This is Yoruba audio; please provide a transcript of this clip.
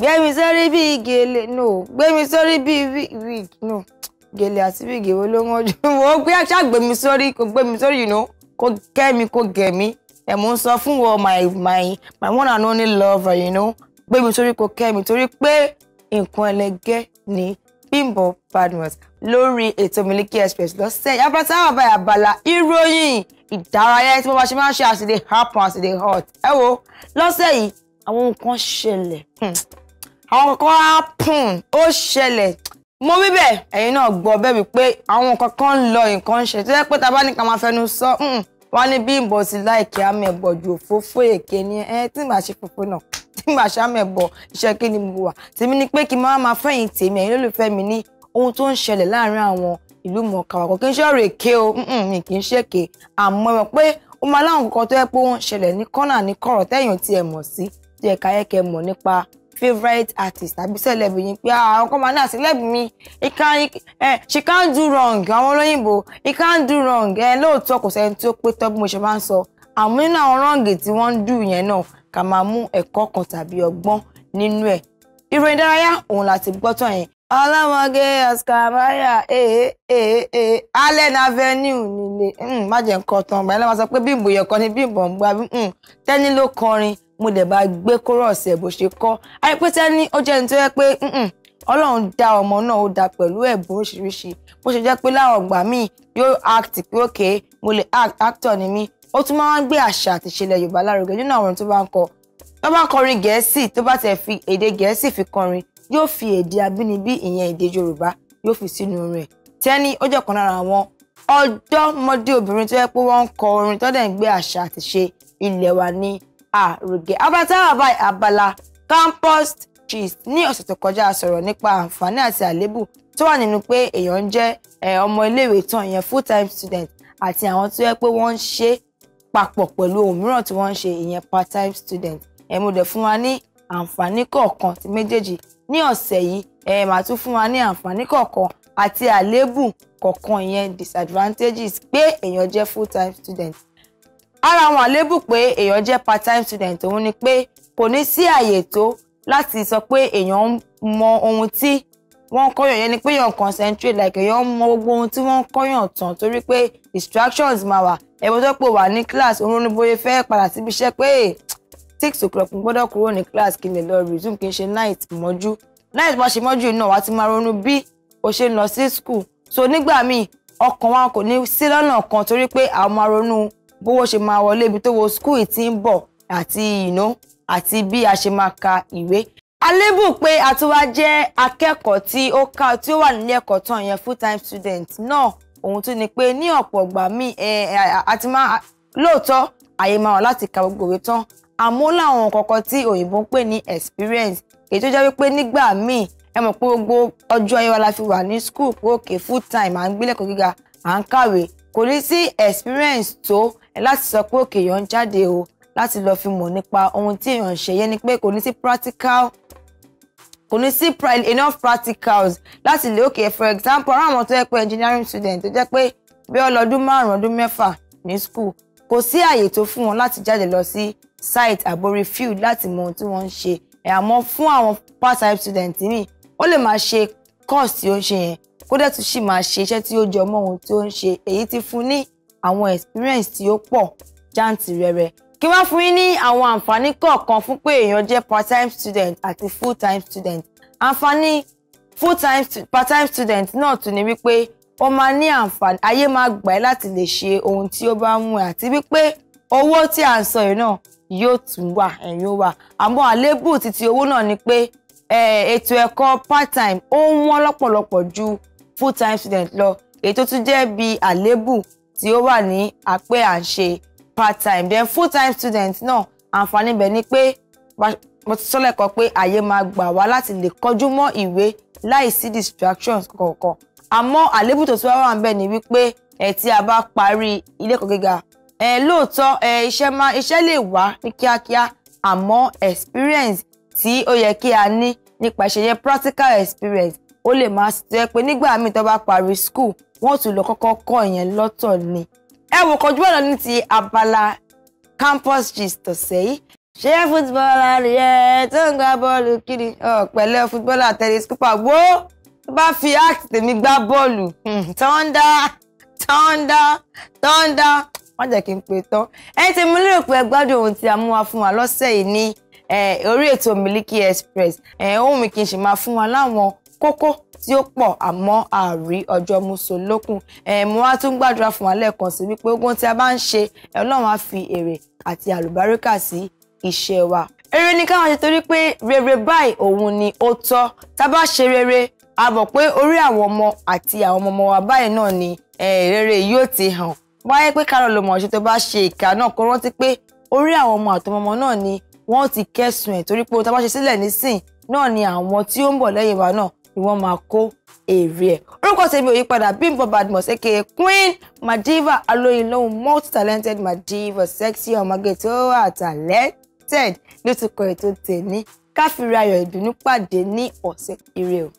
gbẹ́mi sórí bí gèlè no gbẹ́mi sórí bí wig no gèlè àti wig èwo ló wọ́n jù wọ́n gbé àṣà gbẹ́mi sórí kò gbẹ́mi sórí you know kò kẹ́mi kò gẹ̀mí ẹ̀ mò ń sọ fún wọn my my my one and only lover you know gbẹ́mi sórí kò kẹ́mi torí pé nǹkan ẹlẹgẹ́ ni Bimbo Badmus lórí ètò Miliki Express lọ́sẹ̀ yàtọ̀ sábà bá abala ìròyìn ìdárayá tí wọ́n bá ṣe máa ń ṣe àṣìlè e happen àṣìlè e hot ẹ wo lọ́sẹ̀ yìí àwọn nǹkan ṣẹlẹ̀ hmm àwọn kan á pùn ó ṣẹlẹ̀ mo wí bẹ́ẹ̀ ẹ̀yin náà gbọ́ bẹ́ẹ̀ mi pé àwọn nǹkan kan ń lọ nǹkan ṣe tó yẹ pé ta bá ní ká máa fẹnu sọ hmm, wọn ní bí ìbọn sí láìkí àmẹ̀bọ̀ ju òfófó èké ni ẹ tí màá ṣe fòfó náà tí màá ṣe àmẹ̀bọ̀ iṣẹ́ kí ni mo wà tèmi ni pé kí n máa máa fẹ̀yìn tèmi ẹ̀yin lólùfẹ́ mi ní ohun tó ń ṣẹlẹ̀ láàárín àwọn ìlú mọ̀ọ́ká wa kò kí n ṣe ọ̀rọ̀ èké o mi kì í ṣèké àmọ́ ẹ pé ó máa láwọn nǹkan tó yẹ pé ó ń ṣẹlẹ̀ ní kọ́nà ní kọ̀rọ̀ tẹ́yìn tí ẹ mọ̀ sí tí ẹ̀ka yẹ mọ̀ nípa Favorite artist tàbí sẹ́lẹ̀bù yín pé ah, àwọn kan máa ní àsẹ́lẹ̀bù mi eh, she can't do wrong àwọn olóyìnbó he can't do wrong eh, lóòótọ́ kò sẹ́ni tó pé tọ́ bí mo ṣe máa ń sọ àmọ́ nínú àwọn rọ́ǹgì tí wọ́n ń dù yẹn náà ká máa mú ẹ̀kọ́ kan tàbí ọgbọ́n nínú ẹ̀ ìròyìn ìdárayá òun láti gbọ́ tán yẹn ọlọ́mọge Oscar ee ee ee Allen Avenue nílé hmm, má jẹ́ nǹkan tán ọgbà ẹ̀ lọ́wọ́ sọ pé bímbò yẹn kan ní bímbò ń gbà hmm, tẹ́ni ló kọrin mo dẹ̀ bá gbé chorus ẹ̀ bó ṣe kọ́ àìpẹ́tẹ́ ní ó jẹ́ ní tó yẹ pé ọlọ́run dá ọmọ náà ó dá pẹ̀lú ẹ̀bùn oríṣiríṣi bó ṣe jẹ́ pé láwọn ọgbà míì yóò act pé okay mo lè act actor ni mí ó tún máa ń gbé àṣà àti ìṣẹ̀lẹ̀ yorùbá lárugẹ nínú àwọn tó bá ń kọ tó bá kọrin gẹ̀ẹ́sì tó bá tẹ̀ fi èdè gẹ̀ẹ́sì fi kọrin yóò fi èdè abínibí ìyẹn èdè yorùbá yóò fi sínú orin ẹ̀ tẹ́ni ó jẹ́ kan lára àwọn ọ̀dọ́mọdé obìnrin tó yẹ pé wọ́n ń kọ orin tó ń gbé àṣà àti ilẹ̀ wa ní àrògé abatara báyìí abala campus cheese ní ọ̀sẹ̀ tó kọjá sọ̀rọ̀ nípa àǹfààní àti àléébù tó wà nínú pé èèyàn ń jẹ́ ọmọ iléèwé tán ìyẹn full time student àti àwọn tó yẹ pé wọ́n ń ṣe papọ̀ pẹ̀lú ohun mìíràn tí wọ́n ń ṣe ìyẹn part time student ẹ̀ mo dẹ̀ fún wa ní àǹfààní kọ̀ọ̀kan ti méjèèjì ní ọ̀sẹ̀ yìí ẹ̀ màá tún fún wa ní àǹfààní kọ̀ọ̀kan àti àléébù kọ̀ọ̀kan ìyẹn disadvantages pé èèyàn jẹ́ full time student ara àwọn àlébù pé èèyàn jẹ́ part time student òun ni pé kò ní sí àyè tó láti sọ pé èèyàn ń mọ ohun tí wọ́n ń kọ́yàn yẹn ni pé èèyàn concentrate like èèyàn mọ gbogbo ohun tí wọ́n ń kọ́yàn tán torí pé distractions máa wà ẹ̀wọ̀n tó pò wà ní class òun ni bóyá fẹ́ padà síbi iṣẹ́ pé six o'clock n gbọ́dọ̀ kúrò ní class kí n lè lọ resume kí n ṣe night mọ́jú night bá ṣe mọ́jú náà wàá ti máa ronú bí o ṣe ń lọ sí school so nígbà míì ọkàn wa kò ní sí lọ́nà kan torí pé àwọn máa ronú bówó ṣe máa wọlé ibi tó wo skul ti ń bọ̀ àti ìná àti bí a ṣe máa ka ìwé alébù pé a tún wá jẹ́ akẹ́kọ̀ọ́ tí ó ká tí ó wà nílé ẹ̀kọ́ tán yẹn full time student náà ohun tún ni pé ní ọ̀pọ̀ ọ̀gbà míì àti máa lóòótọ́ àyè máa wà láti ka gbogbo ìwé tán àmọ́ láwọn kọ̀ọ̀kan tí òyìnbó ń pè ní experience èyí tó jẹ́ wípé nígbà míì ẹ mọ̀ pé gbogbo ọjọ́ ayé wa la fi wà ní school pé òkè full time à ń gbélẹ̀kọ́ gíga à ń kàwé kò ní sí experience tó láti sọ pé òkè èèyàn ń jáde o láti lọ fi mọ̀ nípa ohun tí èèyàn ń ṣe yẹn ni pé kò ní sí practical kò ní sí enough practicals láti lè òkè for example àwọn àwọn tó yẹ pé engineering student tó jẹ́ pé bí ọlọ́dún márùn-ún ọdún mẹ́fà ní school kò sí àyè tó fún wọn láti jáde lọ sí site àbórí field láti mọ ohun tí wọ́n ń ṣe àmọ́ fún àwọn part-time student míì ó lè máa ṣe course tí ó ń ṣe yẹn kó dẹ̀ tún sì máa ṣe iṣẹ́ tí ó jọ mọ́ ohun tí ó ń ṣe èyí ti fún ní àwọn experience tí ó pọ̀ jàǹtìrẹrẹ kí wọ́n fún yín ní àwọn àǹfààní kọ̀ọ̀kan fún pé èèyàn jẹ́ part-time student àti full-time student àǹfààní full-time part-time student náà tún ni wípé ó máa ní àǹfààní ayé máa gbà ẹ́ láti lè ṣe ohun tí ó bá mú ẹ àti wípé owó tí à ń sọ yìí náà yóò tún wà ẹ̀yìn ó wà àmọ́ àléébù títí owó náà ni pé ètò ẹ̀kọ́ part-time ó ń wọ́n lọ́pọ̀lọpọ̀ ju full time student lọ èyí tó tún jẹ́ bí àléébù tí ó wà ní àpé à ń ṣe part time then full time student náà àǹfààní bẹ̀ ni pé mo ti sọ lẹ́kọ̀ọ́ pé àyè máa gbà wá láti lè kọjú mọ́ ìwé láì sí distractions kọ̀ọ̀kan àmọ́ àléébù tó tún wá wà ń bẹ̀ ni wípé ẹ̀ tí a bá parí ilé ẹ̀kọ́ gíga ẹ̀ lóòótọ́ ẹ̀ iṣẹ́ máa iṣẹ́ lè wá ní kíákíá àmọ́ experience tí ó yẹ kí a ní nípa ìṣẹ̀yẹ practical experience ó lè máa ṣe pé nígbà míì tó bá parí school wọ́n tún lọ kọ́kọ́ kọ́ ìyẹn lọ́tọ̀ ni. ẹ wò kọjú ọ̀nà ní ti abala campus gist ọ̀sẹ̀ yìí ṣé fútbọ́lá rẹ̀ tó ń gba bọ́ọ̀lù kiri pẹ̀lẹ́ fútbọ́lá tẹ̀lé skúpà wo bá fi act tèmi gbá bọ́ọ̀lù tọ́ndá tọ́ndá tọ́ndá wọ́n jẹ́ kí n pè tán. ẹ̀yin tí mo lérò pé ẹ gbádùn ohun tí a mú wa fún wa lọ́sẹ̀ yìí ní orí ètò Miliki Express ohun mi kì í ṣe máa fún wa láwọn kókó tí ó pọ̀ àmọ́ àrí ọjọ́ musu lókun mo wá tún gbàdúrà fún wa lẹ́ẹ̀kan sí wípé ogun tí a bá ń ṣe ọlọ́run á fi èrè àti àlùbáríkà sí iṣẹ́ wa. eré ni káwọn ṣe torí pé rere báyìí òun ni ó tọ́ tá a bá ṣe rere a mọ̀ pé orí àwọn ọmọ àti àwọn ọmọ ọmọ wa báyìí náà ni rere yóò ti hàn wáyé pé kárọ̀ ló mọ̀ ṣe tó bá ṣe ìka náà kó rántí pé orí àwọn ọmọ àtọmọmọ náà ni wọ́n ti kẹ́sùn ẹ̀ torí pé ohun tá a bá ṣe sílẹ̀ nísìn náà ni àwọn tí ó ń bọ̀ lẹ́yìn wa náà ni wọ́n máa kó èrè ẹ̀. orúkọ tèmi ò yí padà Bimbo Badmus aka Queen Madiva alóyinlóhun multi talented Madiva sexy ọmọge tó wà talented ló ti kọ ètò tèmi káfíńrayọ̀ ìdùnnú pàdé ní ọ̀sẹ̀ ire o.